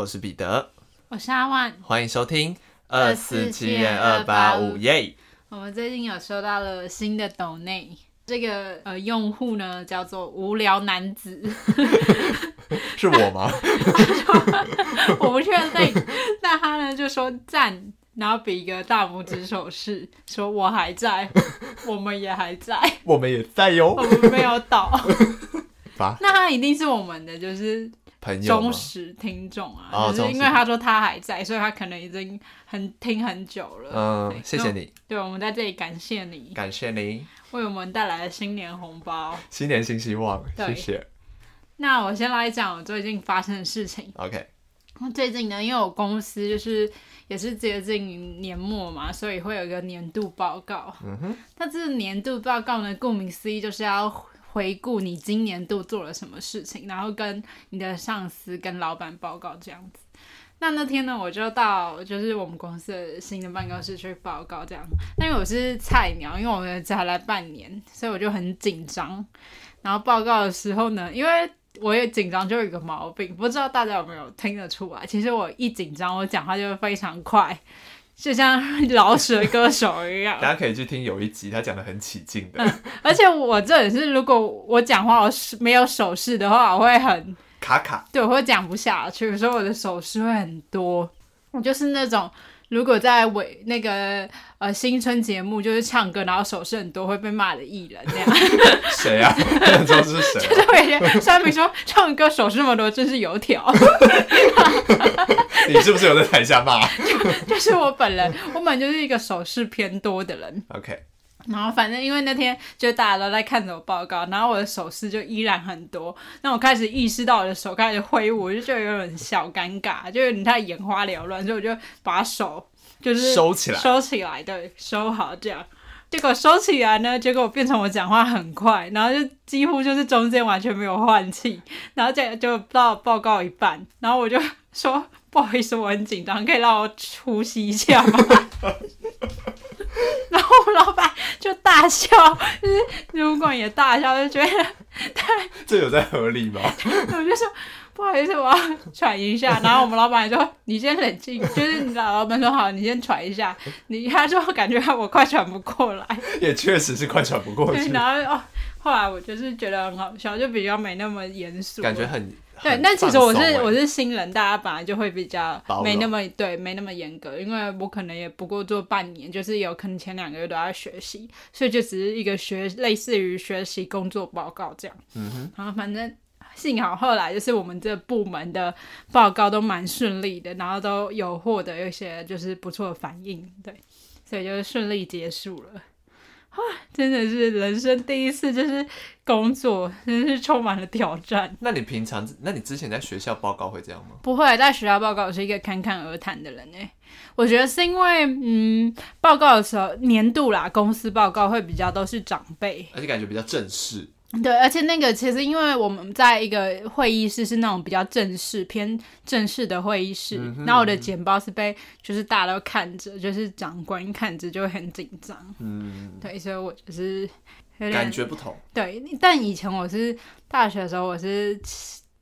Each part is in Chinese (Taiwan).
我是彼得，我是阿萬，歡迎收聽二四七點二八五耶！我們最近有收到了新的 d o 這個呃用戶呢叫做無聊男子， 是我嗎？我不確定， 那他呢就說讚，然後比一個大拇指手勢， 說我還在， 我們也還在， 我們也在喲， 我們沒有倒、 啊，那他一定是我們的，就是。朋友，忠實聽眾啊、哦，就是因為他說他還在，哦、所以他可能已經很聽很久了。嗯，謝謝你。對，我們在這裡感謝你，感謝您為我們帶來了新年紅包，新年新希望。謝謝。那我先來講我最近發生的事情。OK，最近呢，因為我公司就是也是接近年末嘛，所以會有一個年度報告。嗯哼，那這個年度報告呢，顧名思義就是要。回顧你今年度做了什麼事情，然後跟你的上司、跟老闆報告這樣子。那那天呢，我就到就是我們公司的新的辦公室去報告這樣。因為我是菜鳥，因為我們才來半年，所以我就很緊張。然後報告的時候呢，因為我也緊張，就有一個毛病，不知道大家有沒有聽得出來。其實我一緊張，我講話就會非常快。就像老蛇歌手一樣，大 家可以去聽有一集他講的很起勁的，嗯。而且我這裡是，如果我講話我是沒有手勢的話，我會很卡卡。對，我會講不下去。所以我的手勢會很多，我就是那種。如果在尾那個呃、新春節目就是唱歌，然後手勢很多會被罵的藝人那樣，誰 誰啊？就是我以前 雖然沒說唱歌，手勢那麼多，真是油條。 你是不是有在台下罵，啊 ？就是我本人，我本人就是一個手勢偏多的人。OK。然後反正因為那天就大家都在看着我報告，然後我的手勢就依然很多。那我開始意識到我的手開始揮舞，我就覺得有點小尷尬，就是你太眼花繚亂，所以我就把手就是收起來，收起來，對，收好這樣。結果收起來呢，結果變成我講話很快，然後就幾乎就是中間完全沒有換氣，然後這樣就到報告一半，然後我就說不好意思，我很緊張，可以讓我呼吸一下嗎？ 然後我們老闆就大笑，就是主管也大笑，就覺得太，這有在合理嗎？我就說不好意思，我要喘一下。 然後我們老闆說：“你先冷靜。”就是你老，老闆說：“好，你先喘一下。你”你他就感覺我快喘不過來，也確實是快喘不過來。然後哦，後來我就是覺得很好笑，就比較沒那麼嚴肅，感覺很。對，那其實我是、欸、我是新人，大家本來就會比較沒那麼對，沒那麼嚴格，因為我可能也不過做半年，就是有可能前兩個月都要學習，所以就只是一個學類似於學習工作報告這樣。嗯哼，然後反正幸好後來就是我們這部門的報告都蠻順利的，然後都有獲得一些就是不錯的反應，對，所以就順利結束了。啊，真的是人生第一次，就是工作，真是充滿了挑戰。那你平常，那你之前在學校報告會這樣嗎？不會，在學校報告我是一個侃侃而談的人耶。我覺得是因為，嗯，報告的時候，年度啦，公司報告會比較都是長輩，而且感覺比較正式。對，而且那個其實因為我們在一個會議室是那種比較正式、偏正式的會議室，嗯嗯，然後我的簡報是被就是大家都看着，就是長官看着就很緊張。嗯，對，所以我就是有點感覺不同。對，但以前我是大學的時候，我是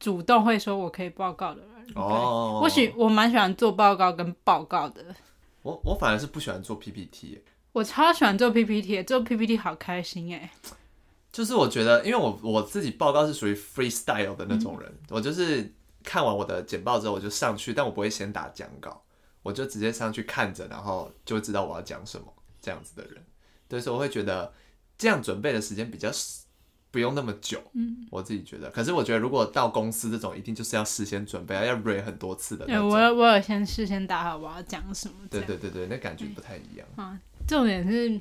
主動會說我可以報告的人。哦，對，我喜我蠻喜歡做報告跟報告的。我我反而是不喜歡做 PPT 欸，我超喜歡做 PPT 欸，做 PPT 好開心哎欸。就是我覺得，因為我我自己報告是屬於 freestyle 的那種人，嗯，我就是看完我的簡報之後我就上去，但我不會先打講稿，我就直接上去看着，然後就會知道我要講什麼這樣子的人。對，所以說我會覺得這樣準備的時間比較不用那麼久，嗯，我自己覺得。可是我覺得如果到公司這種，一定就是要事先準備啊，要 re 很多次的，嗯。我有我有先事先打好我要講什麼。對對對對，那感覺不太一樣。欸，重點是。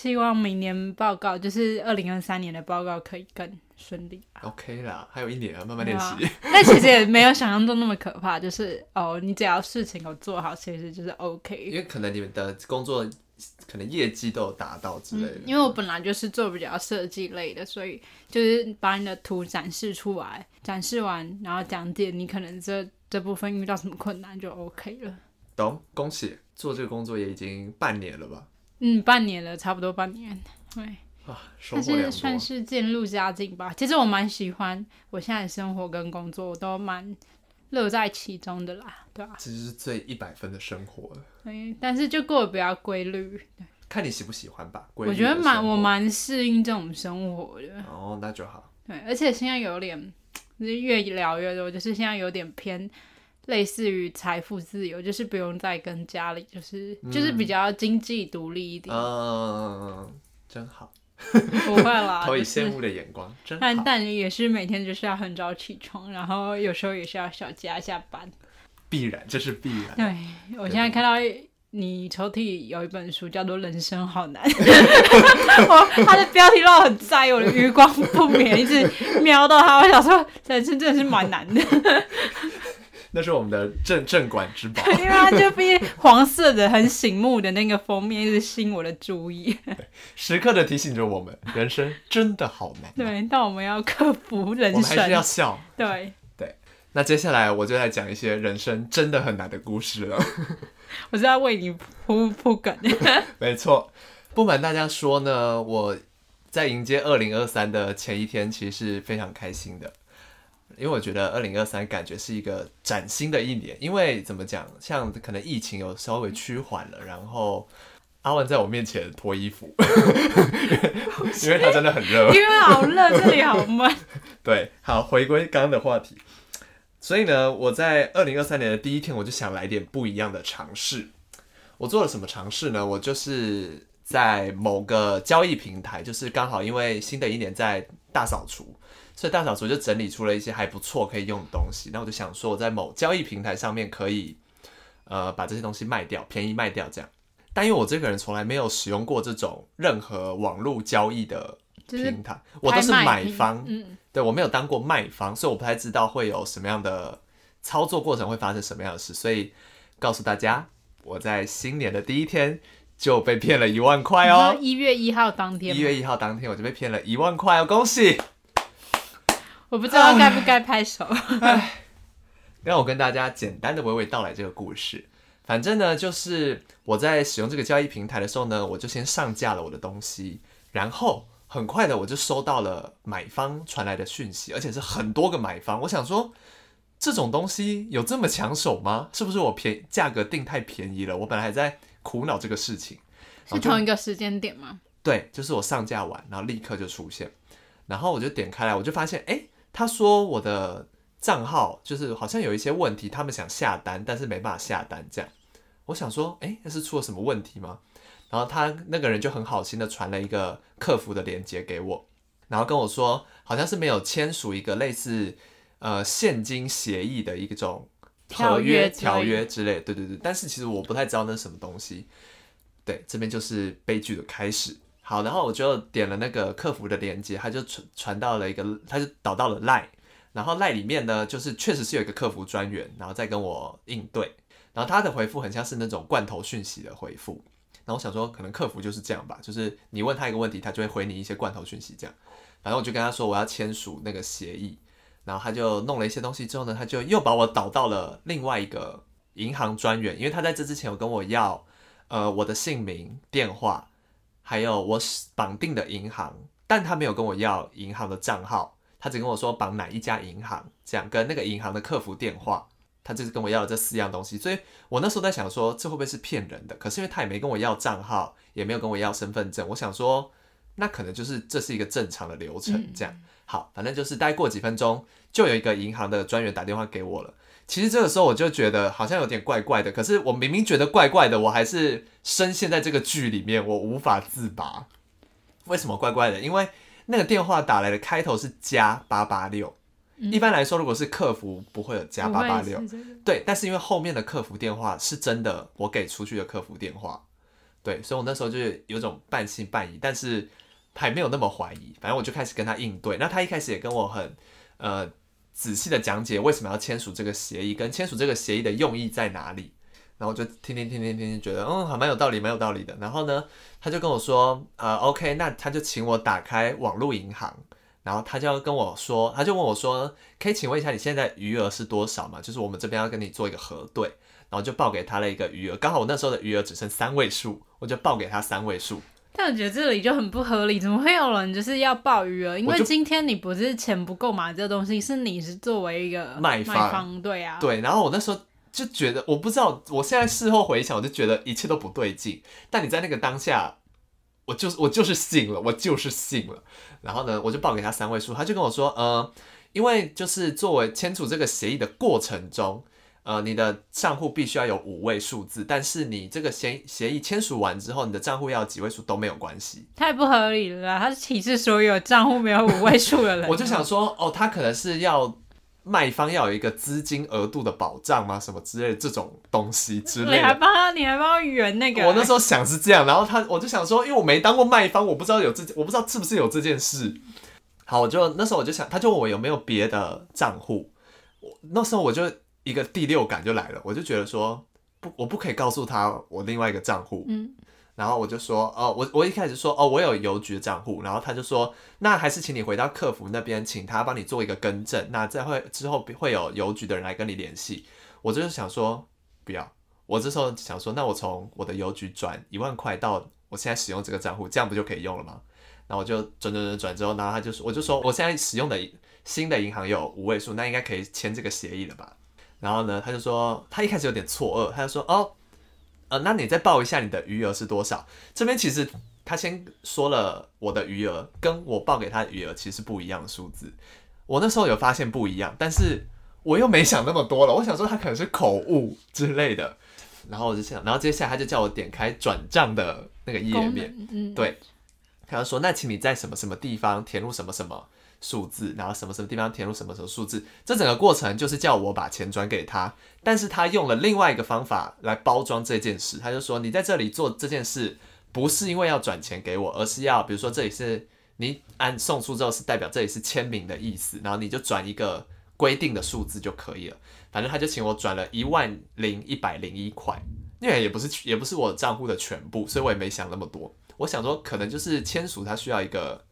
希望明年報告，就是二零二三年的報告，可以更順利啊。OK 啦，還有一年啊，慢慢練習。但其實也沒有想象中那麼可怕， 就是哦，你只要事情有做好，其實就是 OK。因為可能你們的工作，可能業績都有達到之類的。嗯，因為我本來就是做比較設計類的，所以就是把你的圖展示出來，展示完然後講解，你可能這這部分遇到什麼困難就 OK 了。懂，恭喜，做這個工作也已經半年了吧。嗯，半年了，差不多半年，對。啊，不但是算是漸入佳境吧。其實我蠻喜歡我現在的生活跟工作，我都蠻樂在其中的啦，對啊，其實是最一百分的生活。對，但是就過得比較規律，對。看你喜不喜歡吧。規律。我覺得蠻，我蠻適應這種生活的。哦，Oh，那就好。對，而且現在有點，就是越聊越多，就是現在有點偏。類似於財富自由，就是不用再跟家裡，就是、嗯、就是比較經濟獨立一點。嗯嗯嗯嗯，真好。 不會啦， 投以羨慕的眼光、就是，但也是每天就是要很早起床，然後有時候也是要小加一下班。必然，這是必然。對，我現在看到你抽屜有一本書，叫做《人生好難》 我，他的標題讓我很在意，我的餘光不免一直瞄到他，我想說，人生真的是蠻難的。 那是我們的鎮鎮館之寶，對啊，就比黃色的很醒目的那個封面一直吸引我的注意 ，時刻的提醒着我們：人生真的好難難。對，那我們要克服人生，我們還是要笑。對對。那接下來我就來講一些人生真的很難的故事了。我是在為你鋪鋪梗。 沒錯，不瞞大家說呢，我在迎接二零二三的前一天，其實是非常開心的。因為我覺得二零二三感覺是一個嶄新的一年，因為怎麼講，像可能疫情有稍微趨緩了，然後阿文在我面前脫衣服， 因為他真的很熱，因為好熱，這裡好慢。 對，好，回歸剛剛的話題，所以呢，我在二零二三年的第一天，我就想來點不一樣的嘗試。我做了什麼嘗試呢？我就是在某個交易平台，就是剛好因為新的一年在大掃除。所以大掃除就整理出了一些還不錯可以用的東西。那我就想說，我在某交易平台上面可以，呃，把這些東西賣掉，便宜賣掉這樣。但因為我這個人從來沒有使用過這種任何網絡交易的平台，就是拍賣，我都是買方。嗯，對，我沒有當過賣方，所以我不太知道會有什麼樣的操作過程，會發生什麼樣的事。所以告訴大家，我在新年的第一天就被騙了一萬塊哦！嗯、一月一號當天，一月一號當天我就被騙了一萬塊哦，恭喜！我不知道該不該拍手唉。 唉，讓我跟大家簡單的娓娓道來這個故事。反正呢，就是我在使用這個交易平台的時候呢，我就先上架了我的東西，然後很快的我就收到了買方傳來的訊息，而且是很多個買方。我想說，這種東西有這麼搶手嗎？是不是我便宜價格定太便宜了？我本來還在苦惱這個事情。是同一個時間點嗎？對，就是我上架完，然後立刻就出現，然後我就點開來，我就發現，哎、欸。他說我的賬號就是好像有一些問題，他們想下單，但是沒辦法下單。這樣，我想說，哎、欸，那是出了什麼問題嗎？然後他那個人就很好心的傳了一個客服的鏈接給我，然後跟我說，好像是沒有簽署一個類似呃現金協議的一種條約，條約之類，條約之類。對對對，但是其實我不太知道那是什麼東西。對，這邊就是悲劇的開始。好，然後我就點了那個客服的鏈接，他就傳傳到了一個，他就導到了 Line，然後 Line 裡面呢，就是確實是有一個客服專員，然後在跟我應對，然後他的回復很像是那種罐頭訊息的回復，然後我想說，可能客服就是這樣吧，就是你問他一個問題，他就會回你一些罐頭訊息這樣。反正我就跟他說我要簽署那個協議，然後他就弄了一些東西之後呢，他就又把我導到了另外一個銀行專員，因為他在這之前有跟我要呃我的姓名電話。還有我綁定的銀行，但他沒有跟我要銀行的賬號，他只跟我說綁哪一家銀行，這樣跟那個銀行的客服電話，他就是跟我要這四樣東西，所以我那時候在想說，這會不會是騙人的？可是因為他也沒跟我要賬號，也沒有跟我要身份證，我想說，那可能就是這是一個正常的流程，這樣。好，反正就是大概過幾分鐘，就有一個銀行的專員打電話給我了。其實這個時候我就覺得好像有點怪怪的，可是我明明覺得怪怪的，我還是深陷在這個劇裡面，我無法自拔。為什麼怪怪的？因為那個電話打來的開頭是加八八六，一般來說如果是客服不會有加八八六，對。但是因為後面的客服電話是真的，我給出去的客服電話，對，所以我那時候就有種半信半疑，但是他還沒有那麼懷疑，反正我就開始跟他應對。那他一開始也跟我很，呃。仔細的講解為什麼要簽署這個協議，跟簽署這個協議的用意在哪裡，然後我就聽聽聽聽聽聽，覺得嗯還蠻有道理，蠻有道理的。然後呢，他就跟我說，呃，OK，那他就請我打開網絡銀行，然後他就要跟我說，他就問我說，可以請問一下你現在餘額是多少嗎？就是我們這邊要跟你做一個核對，然後就報給他了一個餘額，剛好我那時候的餘額只剩三位數，我就報給他三位數。但我覺得這裡就很不合理，怎麼會有人就是要報餘額？因為今天你不是錢不夠買這個東西，是你是作為一個買方，賣方對啊？對。然後我那時候就覺得，我不知道，我現在事後回想，我就覺得一切都不對勁。但你在那個當下，我就是我就是信了，我就是信了。然後呢，我就報給他三位數，他就跟我說，呃，因為就是作為簽署這個協議的過程中。呃，你的賬戶必須要有五位數字，但是你這個協協議簽署完之後，你的賬戶要幾位數都沒有關係。太不合理了，他是歧視所有賬戶沒有五位數的人。 我就想說，哦，他可能是要賣方要有一個資金額度的保障嗎？什麼之類這種東西之類。你還幫他，你還幫他圓那個欸？我那時候想是這樣，然後他我就想說，因為我沒當過賣方，我不知道有這，我不知道是不是有這件事。好，我就那時候我就想，他就問我有沒有別的賬戶，我那時候我就。一個第六感就來了，我就覺得說不，我不可以告訴他我另外一個賬戶。嗯，然後我就說，哦，我我一開始說，哦，我有郵局的賬戶。然後他就說，那還是請你回到客服那邊，請他幫你做一個更正。那在會之後會有郵局的人來跟你聯繫。我就是想說，不要。我這時候想說，那我從我的郵局轉一萬塊到我現在使用這個賬戶，這樣不就可以用了嗎？然後我就轉轉轉轉之後，然後他就說，我就說我現在使用的新的銀行有五位數，那應該可以簽這個協議了吧？然後呢，他就說，他一開始有點錯愕，他就說，哦，呃，那你再報一下你的餘額是多少？這邊其實他先說了我的餘額跟我報給他的餘額其實不一樣數字，我那時候有發現不一樣，但是我又沒想那麼多了，我想說他可能是口誤之類的。然後我就想，然後接下來他就叫我點開轉賬的那個頁面能、嗯，對，他就說，那請你在什麼什麼地方填入什麼什麼。數字，然後什麼什麼地方填入什麼什麼數字，這整個過程就是叫我把錢轉給他，但是他用了另外一個方法來包裝這件事，他就說你在這裡做這件事，不是因為要轉錢給我，而是要比如說這裡是你按送出之後是代表這裡是簽名的意思，然後你就轉一個規定的數字就可以了。反正他就請我轉了一萬零一百零一塊，因為也不是也不是我賬戶的全部，所以我也沒想那麼多。我想說可能就是簽署他需要一個。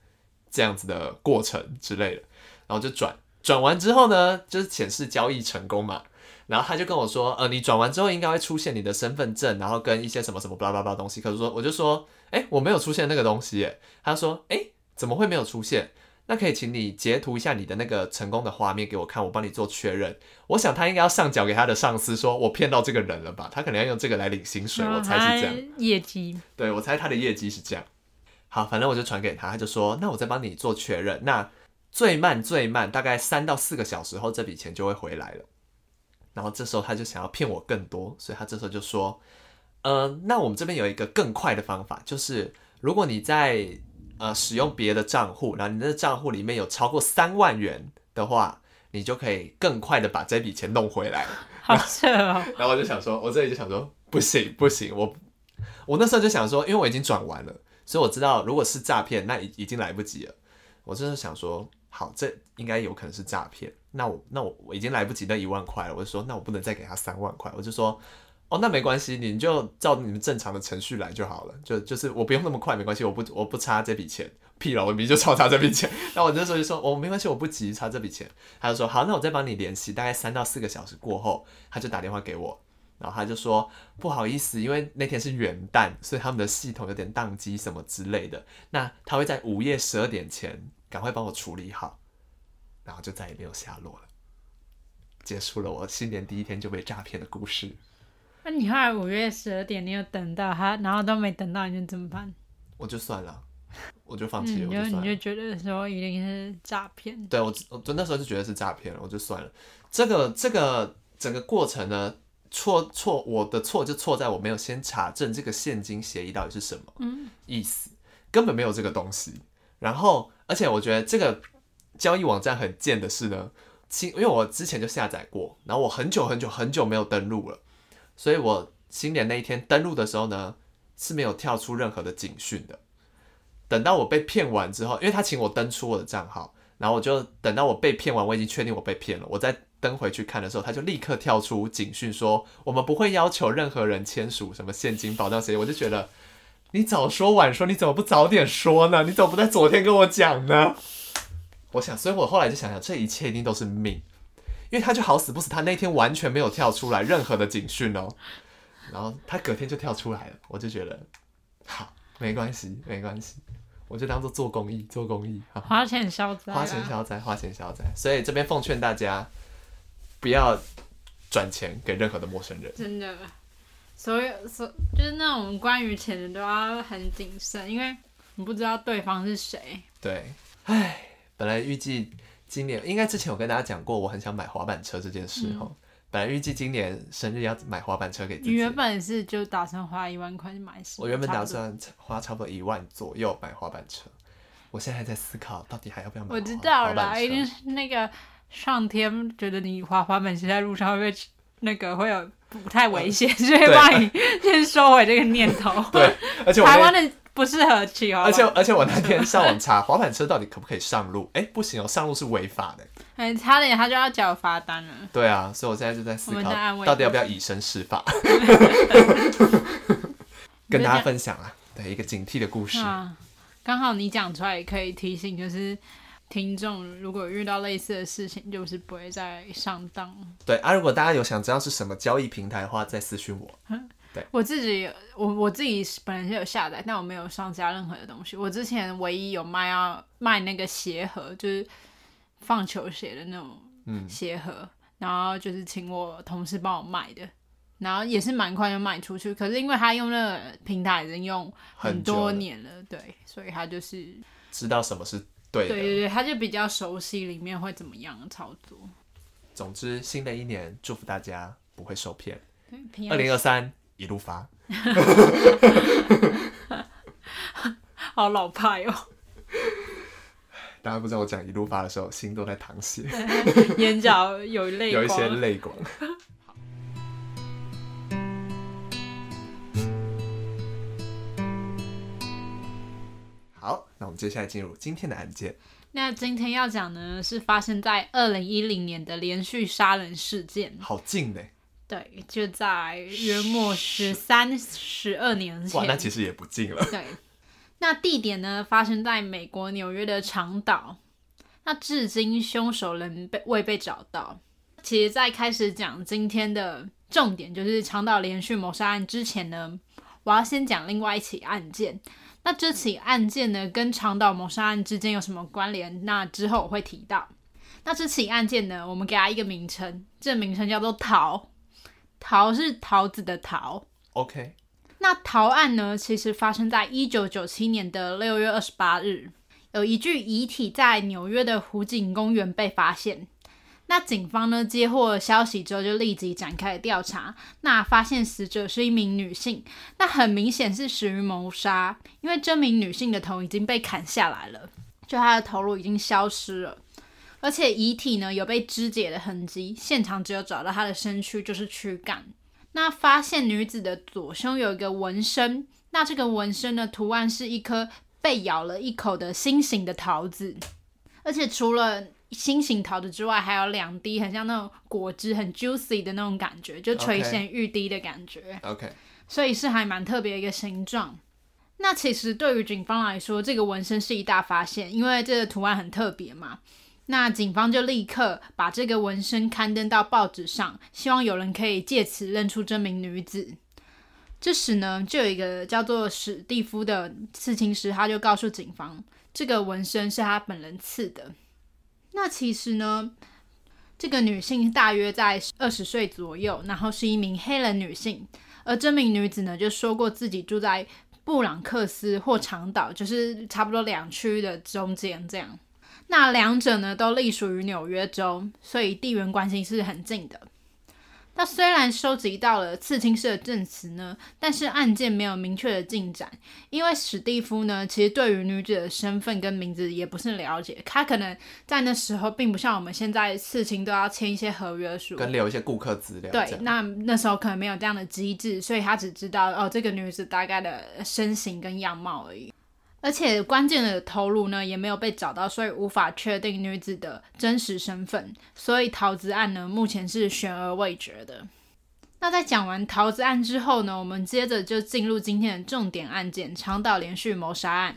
這樣子的過程之類的，然後就轉轉完之後呢，就是顯示交易成功嘛。然後他就跟我說，呃，你轉完之後應該會出現你的身份證，然後跟一些什麼什麼巴拉巴拉東西。可是說，我就說，哎、欸，我沒有出現那個東西耶。他說，哎、欸，怎麼會沒有出現？那可以請你截圖一下你的那個成功的畫面給我看，我幫你做確認。我想他應該要上繳給他的上司，說我騙到這個人了吧？他可能要用這個來領薪水，啊、我猜是這樣。業績。對，我猜他的業績是這樣。好，反正我就傳給他，他就說：“那我再幫你做確認。”那最慢最慢大概三到四個小時後，這筆錢就會回來了。然後這時候他就想要騙我更多，所以他這時候就說：“呃，那我們這邊有一個更快的方法，就是如果你在呃使用別的賬戶，然後你的賬戶裡面有超過三萬元的話，你就可以更快的把這筆錢弄回來。 ”好，然後我就想說，我這裡就想說，不行不行，我我那時候就想說，因為我已經轉完了。所以我知道，如果是詐騙，那已已經來不及了。我就是想說，好，這應該有可能是詐騙。那我那我我已經來不及那一萬塊了。我就說，那我不能再給他三萬塊。我就說，哦，那沒關係，你就照你們正常的程序來就好了。就就是我不用那麼快，沒關係，我不我不差這筆錢。屁了，我明明就超差這筆錢。 那我那時候就說，我、哦、沒關係，我不急差這筆錢。他就說，好，那我再幫你聯繫。大概三到四個小時過後，他就打電話給我。然後他就說不好意思，因為那天是元旦，所以他們的系統有點宕機什麼之類的。那他會在午夜十二點前趕快幫我處理好，然後就再也沒有下落了。結束了，我新年第一天就被詐騙的故事。那、啊、你看，午夜十二點你有等到他，然後都沒等到，你就怎麼辦？我就算了，我就放棄了。因、嗯、為你就覺得說一定是詐騙。對我，我，我那時候就覺得是詐騙了，我就算了。這個這個整個過程呢？錯錯，我的錯就錯在我沒有先查證這個現金協議到底是什麼意思，嗯，根本沒有這個東西。然後，而且我覺得這個交易網站很賤的是呢，因為我之前就下載過，然後我很久很久很久沒有登錄了，所以我新年那一天登錄的時候呢，是沒有跳出任何的警訊的。等到我被騙完之後，因為他請我登出我的賬號，然後我就等到我被騙完，我已經確定我被騙了，我在，登回去看的時候，他就立刻跳出警訊說：“我們不會要求任何人簽署什麼現金保障協議。”我就覺得，你早說晚說，你怎麼不早點說呢？你怎麼不在昨天跟我講呢？我想，所以我後來就想想，這一切一定都是命，因為他就好死不死，他那天完全沒有跳出來任何的警訊哦、喔，然後他隔天就跳出來了，我就覺得，好，沒關係，沒關係，我就當做做公益，做公益，花錢消災，花錢消災、啊，花錢消災。所以這邊奉勸大家。不要轉錢給任何的陌生人。真的，所有所以就是那種關於錢的都要很謹慎，因為你不知道對方是誰。對，哎，本來預計今年應該，之前我跟大家講過，我很想買滑板車這件事哈、嗯。本來預計今年生日要買滑板車給自己。你原本是就打算花一萬塊買？我原本打算花差不多一萬左右買滑板車。我現在還在思考，到底還要不要買車？我知道了，一定、欸、那個。上天覺得你滑滑板車在路上會被那個會有不太危險，所以幫你先收回這個念頭。對，而且台灣的不適合騎哦。而且而且我那天上網查 滑板車到底可不可以上路？哎，欸，不行哦，上路是違法的。很、欸、差點他就要繳罰單了。對啊，所以我現在就在思考，到底要不要以身試法？ 對 跟大家分享啊，對一個警惕的故事剛、啊、好你講出來也可以提醒，就是。聽眾如果遇到類似的事情，就是不會再上當。對啊，如果大家有想知道是什麼交易平台的話，再私訊我，嗯。對，我自己我我自己本來是有下載，但我沒有上架任何的東西。我之前唯一有賣，啊，賣那個鞋盒，就是放球鞋的那種鞋盒，嗯、然後就是請我同事幫我賣的，然後也是蠻快就賣出去。可是因為他用那個平台已經用很多年了，了，對，所以他就是知道什麼是。對，對對對，他就比較熟悉裡面會怎麼樣的操作。總之，新的一年祝福大家不會受騙。對，二零二三一路發， 好老派哦、喔！大家不知道我講一路發的時候，心都在淌血，眼角有淚， 有一些淚光。好，那我們接下來進入今天的案件。那今天要講呢，是發生在二零一零年的連續殺人事件。好近嘞、欸。對，就在約莫十三十二年前。哇，那其實也不近了。對。那地點呢，發生在美國紐約的長島。那至今凶手仍被未被找到。其實，在開始講今天的重點，就是長島連續謀殺案之前呢，我要先講另外一起案件。那這起案件呢，跟長島謀殺案之間有什麼關聯？那之後我會提到。那這起案件呢，我們給它一個名稱，這個名稱叫做“桃”。桃是桃子的桃。OK。那桃案呢，其實發生在一九九七年的六月二十八日，有一具遺體在紐約的湖景公園被發現。那警方呢接獲消息之後，就立即展開了調查。那發現死者是一名女性，那很明顯是死於謀殺，因為這名女性的頭已經被砍下來了，就她的頭顱已經消失了，而且遺體呢有被肢解的痕跡，現場只有找到她的身軀，就是軀幹。那發現女子的左胸有一個紋身，那這個紋身的圖案是一顆被咬了一口的心形的桃子，而且除了。心形桃子之外，還有兩滴，很像那種果汁，很 juicy 的那種感覺，就垂涎欲滴的感覺。OK，所以是還蠻特別的一個形狀。Okay. 那其實對於警方來說，這個紋身是一大發現，因為這個圖案很特別嘛。那警方就立刻把這個紋身刊登到報紙上，希望有人可以借此認出這名女子。這時呢，就有一個叫做史蒂夫的刺青師，他就告訴警方，這個紋身是他本人刺的。那其實呢，這個女性大約在二十歲左右，然後是一名黑人女性。而這名女子呢，就說過自己住在布朗克斯或長島，就是差不多兩區的中間這樣。那兩者呢，都隸屬於紐約州，所以地緣關係是很近的。他雖然收集到了刺青師的證詞呢，但是案件沒有明確的進展，因為史蒂夫呢，其實對於女子的身份跟名字也不甚了解，他可能在那時候並不像我們現在刺青都要簽一些合約書，跟留一些顧客資料。對，那那時候可能沒有這樣的機制，所以他只知道哦，這個女子大概的身形跟樣貌而已。而且關鍵的頭顱呢也沒有被找到，所以無法確定女子的真實身份。所以桃子案呢目前是懸而未決的。那在講完桃子案之後呢，我們接着就進入今天的重點案件——長島連續謀殺案。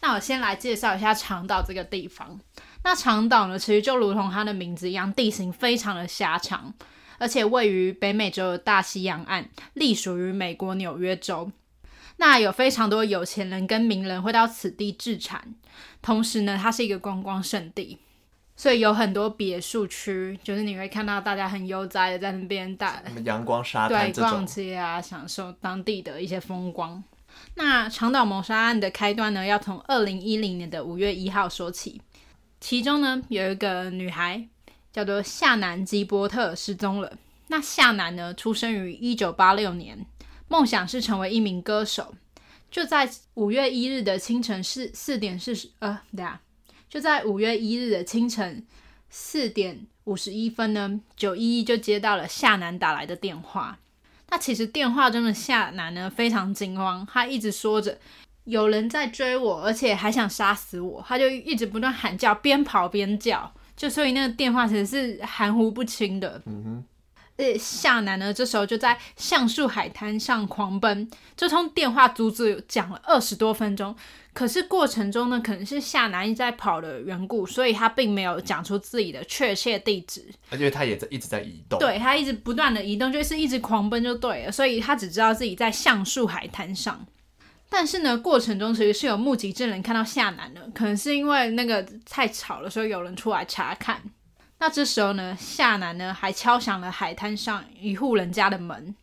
那我先來介紹一下長島這個地方。那長島呢，其實就如同它的名字一樣，地形非常的狹長，而且位於北美洲的大西洋岸，隸屬於美國紐約州。那有非常多有錢人跟名人會到此地置產，同時呢，它是一個觀光勝地，所以有很多別墅區，就是你會看到大家很悠哉的在那邊打陽光沙灘、對、對逛街啊，享受當地的一些風光。嗯、那長島謀殺案的開端呢，要從二零一零年的五月一號說起。其中呢，有一個女孩叫做夏南基波特失蹤了。那夏南呢，出生於一九八六年。夢想是成為一名歌手。就在五月一日的清晨四四點四十，呃，對啊，就在五月一日的清晨四點五十一分呢，九一一就接到了夏楠打來的電話。那其實電話中的夏楠呢，非常驚慌，他一直說着有人在追我，而且還想殺死我，他就一直不斷喊叫，邊跑邊叫，就所以那個電話其實是含糊不清的。嗯哼呃，夏南呢，這時候就在橡樹海灘上狂奔。這通電話足足講了二十多分鐘，可是過程中呢，可能是夏南一直在跑的緣故，所以他並沒有講出自己的確切地址。而且他也在一直在移動。對，他一直不斷的移動，就是一直狂奔就對了。所以他只知道自己在橡樹海灘上。但是呢，過程中其實是有目擊證人看到夏南的，可能是因為那個太吵了，所以有人出來查看。那這時候呢，夏楠呢還敲響了海灘上一戶人家的門。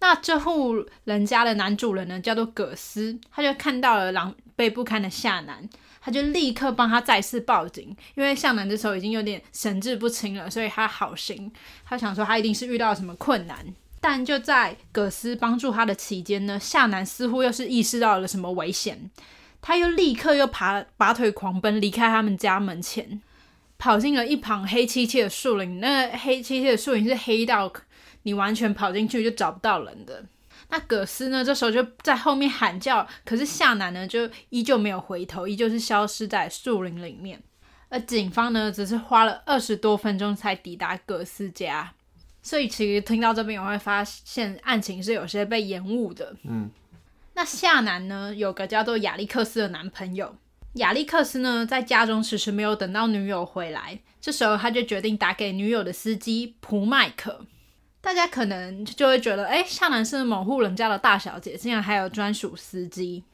那這戶人家的男主人呢，叫做葛斯，他就看到了狼狽不堪的夏楠，他就立刻幫他再次報警。因為夏楠這時候已經有點神志不清了，所以他好心，他想說他一定是遇到了什麼困難。但就在葛斯幫助他的期間呢，夏楠似乎又是意識到了什麼危險，他又立刻又爬拔腿狂奔離開他們家門前，跑進了一旁黑漆漆的樹林，那黑漆漆的樹林是黑到你完全跑進去就找不到人的。那葛斯呢？這時候就在後面喊叫，可是夏楠呢，就依舊沒有回頭，依舊是消失在樹林裡面。而警方呢，只是花了二十多分鐘才抵達葛斯家，所以其實聽到這邊我會發現案情是有些被延誤的。嗯，那夏楠呢，有個叫做亞歷克斯的男朋友。亞歷克斯呢，在家中遲遲沒有等到女友回來，這時候他就決定打給女友的司機普麥克。大家可能就會覺得，哎，夏楠是某戶人家的大小姐，竟然還有專屬司機？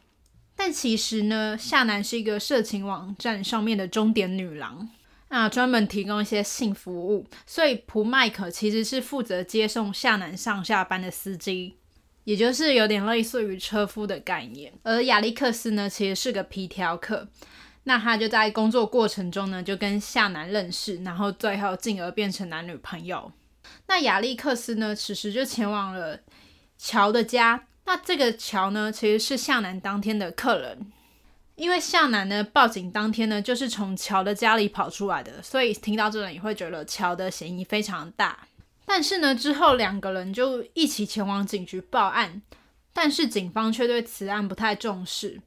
但其實呢，夏楠是一個色情網站上面的終點女郎，那、啊、專門提供一些性服務，所以普麥克其實是負責接送夏楠上下班的司機。也就是有點類似於車夫的概念，而亞歷克斯呢，其實是個皮條客。那他就在工作過程中呢，就跟夏南認識，然後最後進而變成男女朋友。那亞歷克斯呢，此時就前往了喬的家。那這個喬呢，其實是向南當天的客人，因為向南呢報警當天呢，就是從喬的家裡跑出來的，所以聽到這你也會覺得喬的嫌疑非常大。但是呢，之後兩個人就一起前往警局報案，但是警方却對此案不太重視，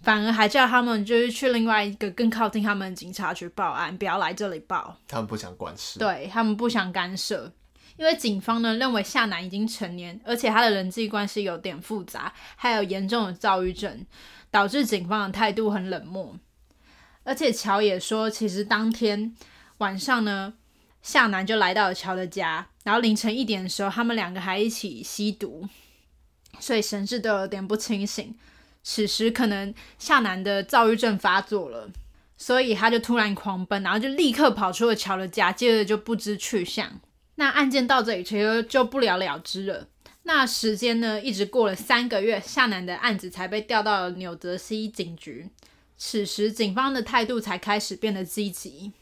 反而還叫他們就是去另外一個更靠近他們的警察局報案，不要來這裡報。他們不想管事。對，他們不想干涉，因為警方呢認為夏南已經成年，而且他的人際關係有點複雜，還有嚴重的躁鬱症，導致警方的態度很冷漠。而且喬也說，其實當天晚上呢。夏南就來到了喬的家，然後凌晨一點的時候，他們兩個還一起吸毒，所以神志都有點不清醒。此時可能夏南的躁鬱症發作了，所以他就突然狂奔，然後就立刻跑出了喬的家，接着就不知去向。那案件到這裡其實就不了了之了。那時間呢，一直過了三個月，夏南的案子才被調到了紐澤西警局，此時警方的態度才開始變得積極。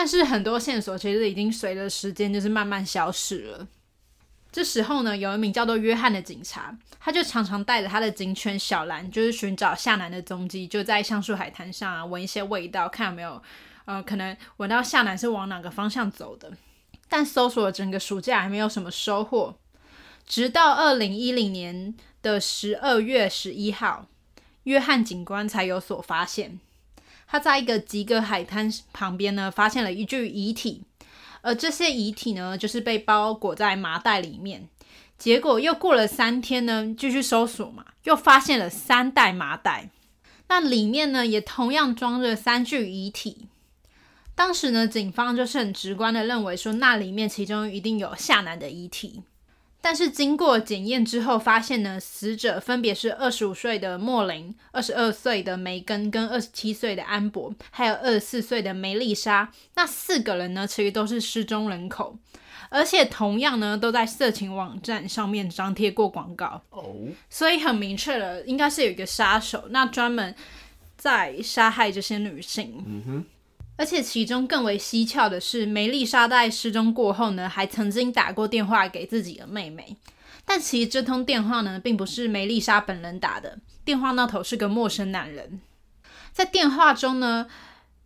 但是很多線索其實已經隨着時間就是慢慢消失了。這時候呢，有一名叫做約翰的警察，他就常常帶着他的警犬小藍，就是尋找夏楠的蹤跡，就在橡樹海灘上啊，聞一些味道，看有沒有呃可能聞到夏楠是往哪個方向走的。但搜索了整個暑假還沒有什麼收穫，直到二零一零年的十二月十一號，約翰警官才有所發現。他在一個吉格海灘旁邊呢，發現了一具遺體，而這些遺體呢，就是被包裹在麻袋裡面。結果又過了三天呢，繼續搜索嘛，又發現了三袋麻袋，那裡面呢，也同樣裝着三具遺體。當時呢，警方就是很直觀地認為說，那裡面其中一定有夏楠的遺體。但是經過檢驗之後，發現呢，死者，分別是二十五歲的莫林、二十二歲的梅根、跟二十七歲的安博，還有二十四歲的梅麗莎。那四個人呢，其實都是失蹤人口，而且同樣呢，都在色情網站上面張貼過廣告。哦、oh.，所以很明確了，應該是有一個殺手，那專門在殺害這些女性。嗯哼。而且其中更為蹊蹺的是，梅麗莎在失蹤過後呢，還曾經打過電話給自己的妹妹，但其實這通電話呢，並不是梅麗莎本人打的，電話那頭是個陌生男人。在電話中呢，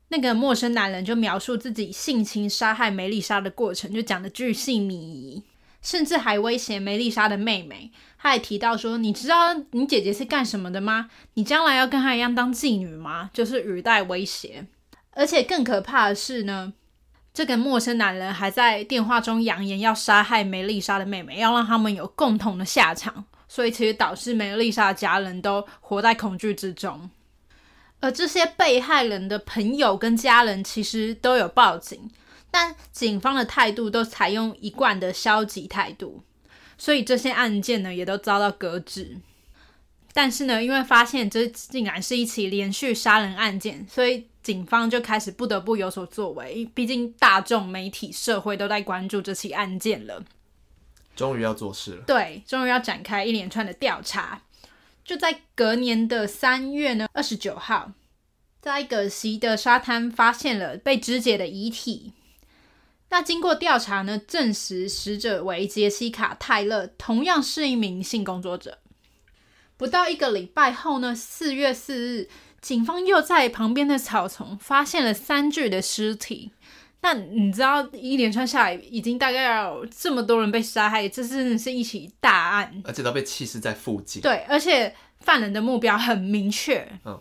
那個陌生男人就描述自己性侵殺害梅麗莎的過程，就講得巨細靡遺，甚至還威脅梅麗莎的妹妹。她還提到說：“你知道你姐姐是幹什麼的嗎？你將來要跟她一樣當妓女嗎？”就是語帶威脅。而且更可怕的是呢，這個陌生男人還在電話中揚言要殺害梅麗莎的妹妹，要讓他們有共同的下場。所以，其實導致梅麗莎的家人都活在恐懼之中。而這些被害人的朋友跟家人其實都有報警，但警方的態度都採用一貫的消極態度，所以這些案件呢也都遭到擱置。但是呢，因為發現這竟然是一起連續殺人案件，所以。警方就開始不得不有所作為，畢竟大眾媒體、社會都在關注這起案件了。終於要做事了，對，終於要展開一連串的調查。就在隔年的三月呢，二十九號，在葛西的沙灘發現了被肢解的遺體。那經過調查呢，證實死者為傑西卡·泰勒，同樣是一名性工作者。不到一個禮拜後呢，四月四日。警方又在旁邊的草叢發現了三具的屍體，那你知道一連串下來已經大概有這麼多人被殺害，這真的是一起大案，而且都被棄屍在附近。對，而且犯人的目標很明確。嗯。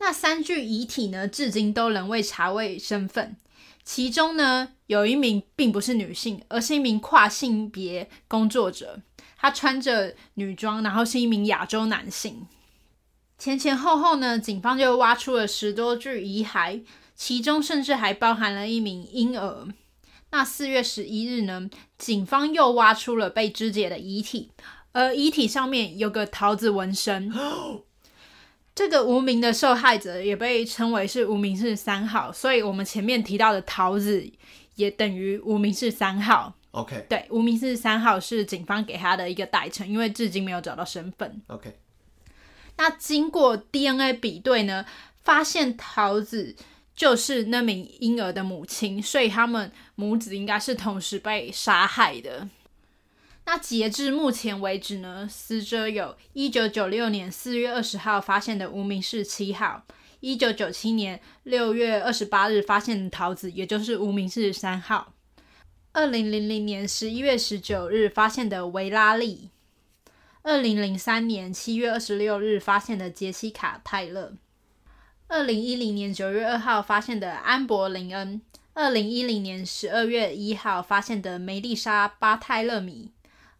那三具遺體呢，至今都仍未查未身份，其中呢有一名並不是女性，而是一名跨性別工作者，他穿着女裝，然後是一名亞洲男性。前前後後呢，警方就挖出了十多具遺骸，其中甚至還包含了一名嬰兒。那四月十一日呢，警方又挖出了被肢解的遺體，而遺體上面有個桃子紋身。 這個無名的受害者也被稱為是無名氏三號，所以我們前面提到的桃子也等於無名氏三號。OK，對，無名氏三號是警方給他的一個代稱，因為至今沒有找到身份。OK。那經過 DNA 比對呢，發現桃子就是那名嬰兒的母親，所以他們母子應該是同時被殺害的。那截至目前為止呢，死者有一九九六年四月二十號發現的無名氏七號，一九九七年六月二十八日發現的桃子，也就是無名氏三號，二零零零年十一月十九日發現的維拉利。二零零三年七月二十六日發現的傑西卡·泰勒，二零一零年九月二號發現的安博林恩，二零一零年十二月一號發現的梅麗莎·巴泰勒米，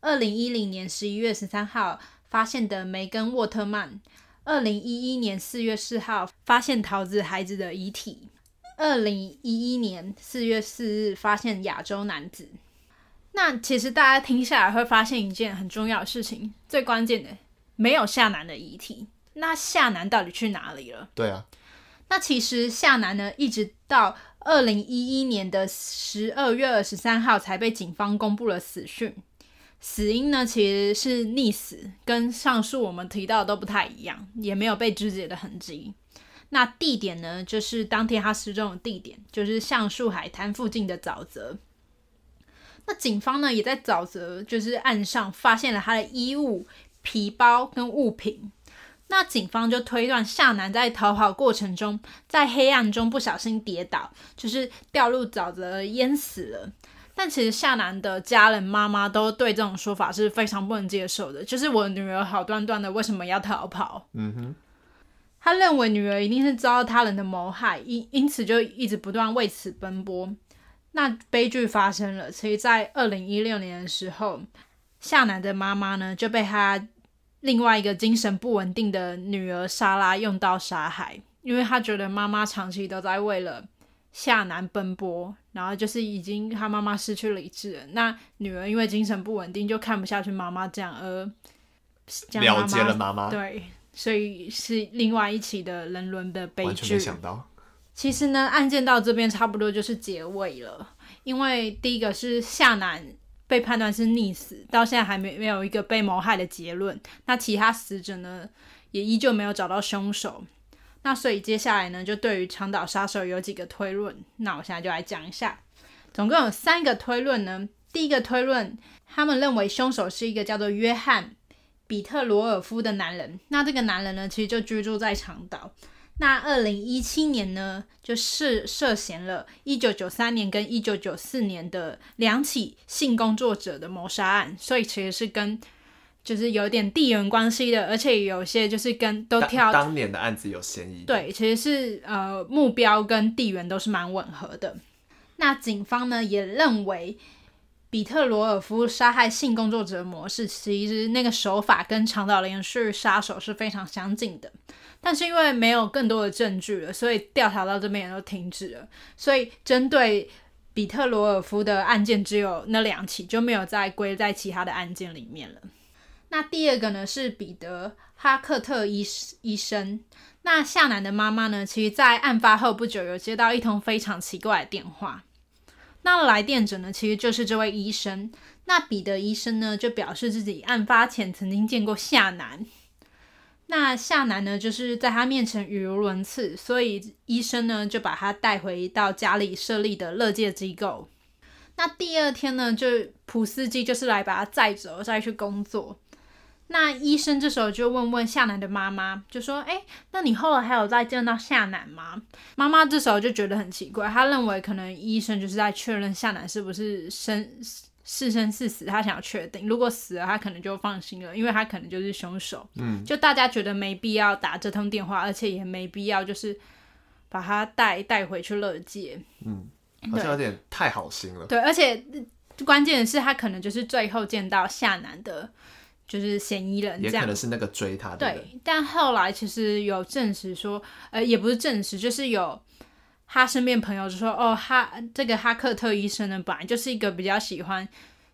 二零一零年十一月十三號發現的梅根·沃特曼，二零一一年四月四號發現桃子孩子的遺體，二零一一年四月四日發現亞洲男子。那其實大家聽下來會發現一件很重要的事情，最關鍵的沒有夏南的遺體，那夏南到底去哪裡了？對啊，那其實夏南呢，一直到二零一一年的十二月二十三號才被警方公布了死訊，死因呢其實是溺死，跟上述我們提到的都不太一樣，也沒有被肢解的痕跡。那地點呢，就是當天他失蹤的地點，就是橡樹海灘附近的沼澤。那警方呢，也在沼澤，就是岸上，發現了他的衣物、皮包跟物品。那警方就推斷夏楠在逃跑過程中，在黑暗中不小心跌倒，就是掉入沼澤淹死了。但其實夏楠的家人媽媽都對這種說法是非常不能接受的，就是我女兒好端端的為什麼要逃跑？嗯哼，他認為女兒一定是遭到他人的謀害，因因此就一直不斷為此奔波。那悲劇發生了，所以在二零一六年的時候，夏楠的媽媽呢就被他另外一個精神不穩定的女兒莎拉用刀殺害，因為她覺得媽媽長期都在為了夏楠奔波，然後就是已經她媽媽失去理智了，那女兒因為精神不穩定就看不下去媽媽這樣而媽媽了解了媽媽，對，所以是另外一起的人倫的悲劇，完全沒想到。其實呢，案件到這邊差不多就是結尾了，因為第一個是夏南被判斷是溺死，到現在還沒沒有一個被謀害的結論。那其他死者呢，也依舊沒有找到凶手。那所以接下來呢，就對於長島殺手有幾個推論。那我現在就來講一下，總共有三個推論呢。第一個推論，他們認為凶手是一個叫做約翰·比特羅爾夫的男人。那這個男人呢，其實就居住在長島。那二零一七年呢，就是涉嫌了一九九三年跟一九九四年的兩起性工作者的謀殺案，所以其實是跟就是有點地緣關係的，而且有些就是跟都挑當，當年的案子有嫌疑。對，其實是呃目標跟地緣都是蠻吻合的。那警方呢也認為，比特羅爾夫殺害性工作者模式，其實那個手法跟長島連續殺手是非常相近的。但是因為沒有更多的證據了，所以調查到這邊也都停止了。所以針對比特羅爾夫的案件只有那兩起，就沒有再歸在其他的案件裡面了。那第二個呢是彼得哈克特醫醫生。那夏楠的媽媽呢，其實，在案發後不久有接到一通非常奇怪的電話。那來電者呢，其實就是這位醫生。那彼得醫生呢，就表示自己案發前曾經見過夏楠。那夏楠呢，就是在他面前語無倫次，所以醫生呢就把他帶回到家裡設立的勒戒機構。那第二天呢，就普司基就是來把他載走，再去工作。那醫生這時候就問問夏楠的媽媽，就說：“哎、欸，那你後來還有再見到夏楠嗎？”媽媽這時候就覺得很奇怪，她認為可能醫生就是在確認夏楠是不是生。是生是死，他想要確定。如果死了，他可能就放心了，因為他可能就是兇手。嗯，就大家覺得沒必要打這通電話，而且也沒必要就是把他帶帶回去樂界。嗯，而且有點太好心了。對，對而且關鍵的是，他可能就是最後見到夏楠的，就是嫌疑人，這樣。也可能是那個追他的。對，但後來其實有證實說，呃，也不是證實，就是有。他身邊朋友就說：“哦，哈，這個哈克特醫生呢，本來就是一個比較喜歡，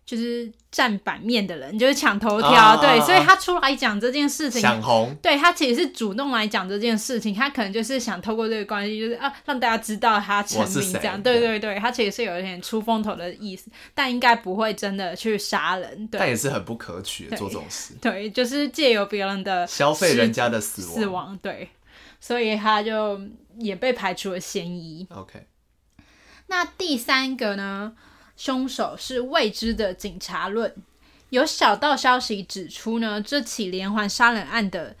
就是占版面的人，就是搶頭條，啊啊啊啊啊啊對，所以他出來講這件事情，搶紅，對他其實是主動來講這件事情，他可能就是想透過這個關係，就是啊讓大家知道他成名這樣，是對對對，他其實是有一點出風頭的意思，但應該不會真的去殺人對，但也是很不可取的做這種事，對，就是借由別人的消費人家的死亡死亡，對，所以他就。”也被排除了嫌疑。OK，那第三個呢？兇手是未知的警察論。有小道消息指出呢，這起連環殺人案的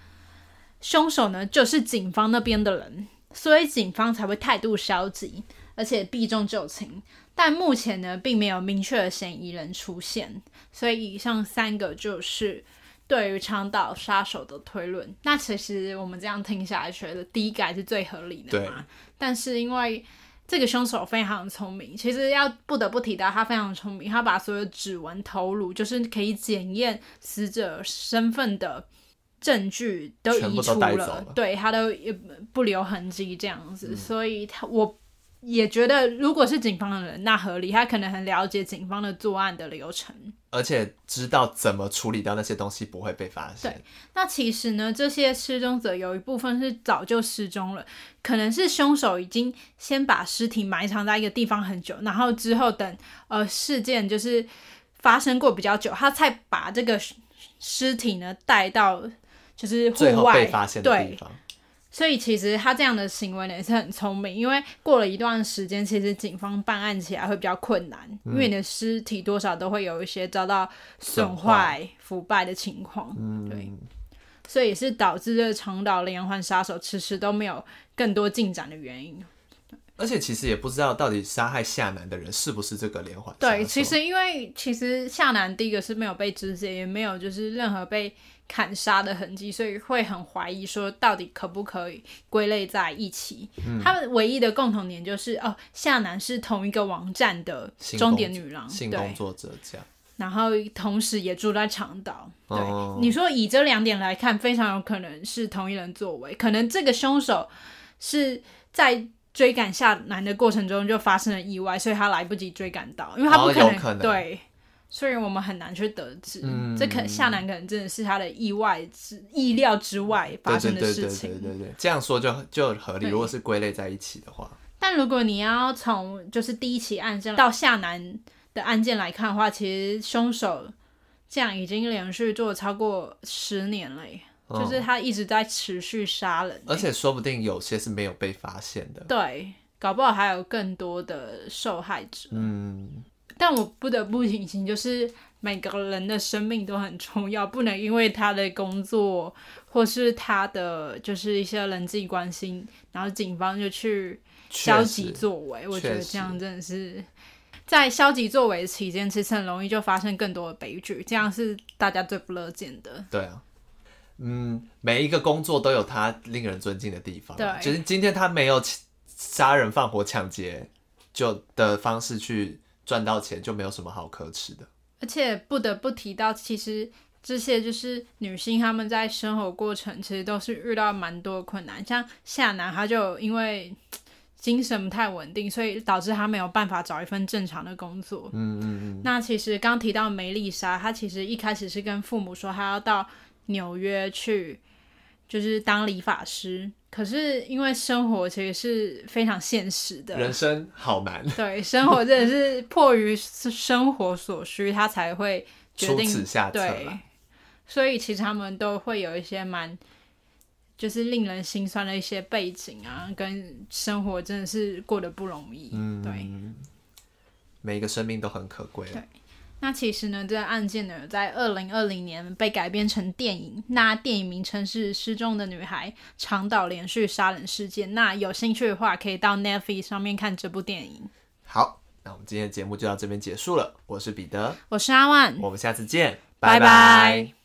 兇手呢，就是警方那邊的人，所以警方才會態度消極，而且避重就輕。但目前呢，並沒有明確的嫌疑人出現，所以以上三個就是。對於長島殺手的推論，那其實我們這樣聽下來，覺得第一個是最合理的嘛，對。但是因為這個兇手非常聰明，其實要不得不提到他非常聰明，他把所有指紋頭顱就是可以檢驗死者身份的證據都移除了，對他都也不留痕跡這樣子，嗯、所以他我。也覺得如果是警方的人，那合理。他可能很了解警方的作案的流程，而且知道怎麼處理掉那些東西不會被發現。對，那其實呢，這些失蹤者有一部分是早就失蹤了，可能是兇手已經先把屍體埋藏在一個地方很久，然後之後等呃事件，就是發生過比較久，他才把這個屍體呢帶到就是戶外，最後被發現的地方。對。所以其實他這樣的行為呢也是很聰明，因為過了一段時間，其實警方辦案起來會比較困難，嗯，因為你的屍體多少都會有一些遭到損壞、腐敗的情況。嗯，對，所以也是導致這個長島連環殺手遲遲都沒有更多進展的原因。而且其實也不知道到底殺害夏楠的人是不是這個連環。對，其實因為其實夏楠第一個是沒有被肢解，也沒有就是任何被砍殺的痕跡，所以會很懷疑說到底可不可以歸類在一起。嗯、他們唯一的共同點就是哦，夏楠是同一個網站的鐘點女郎，性工作者這樣。然後同時也住在長島、哦。對，你說以這兩點來看，非常有可能是同一人作為。可能這個兇手是在追趕夏楠的過程中就發生了意外，所以他來不及追趕到，因為他不可能，哦、可能對，所以我們很難去得知，嗯、這可夏楠可能真的是他的意外之意料之外發生的事情。對對對對對，對，對，這樣說就就合理。如果是歸類在一起的話，但如果你要從就是第一起案件到夏楠的案件來看的話，其實凶手這樣已經連續做了超過十年了耶。就是他一直在持續殺人、欸嗯，而且說不定有些是沒有被發現的。對，搞不好還有更多的受害者。嗯，但我不得不提醒，就是每個人的生命都很重要，不能因為他的工作或是他的就是一些人際關係，然後警方就去消極作為。我覺得這樣真的是，確實，在消極作為期間，其實很容易就發生更多的悲劇，這樣是大家最不樂見的。對啊。嗯，每一個工作都有他令人尊敬的地方。對，只、就是今天他沒有殺人、放火、搶劫就的方式去賺到錢，就沒有什麼好可恥的。而且不得不提到，其實這些就是女性她們在生活過程其實都是遇到蠻多困難。像夏楠，她就因為精神不太穩定，所以導致她沒有辦法找一份正常的工作。嗯嗯嗯。那其實剛提到梅麗莎，她其實一開始是跟父母說她要到。紐約去，就是當理髮師。可是因為生活其實是非常現實的，人生好難。對，生活真的是迫於生活所需， 他才會決定對。所以其實他們都會有一些蠻就是令人心酸的一些背景啊，跟生活真的是過得不容易。嗯，對，每一個生命都很可貴。對。那其實呢，這個案件呢，在二零二零年被改編成電影。那電影名稱是《失蹤的女孩：長島連續殺人事件》。那有興趣的話，可以到 Netflix 上面看這部電影。好，那我們今天的節目就到這邊結束了。我是彼得，我是阿萬，我們下次見，拜拜。拜拜。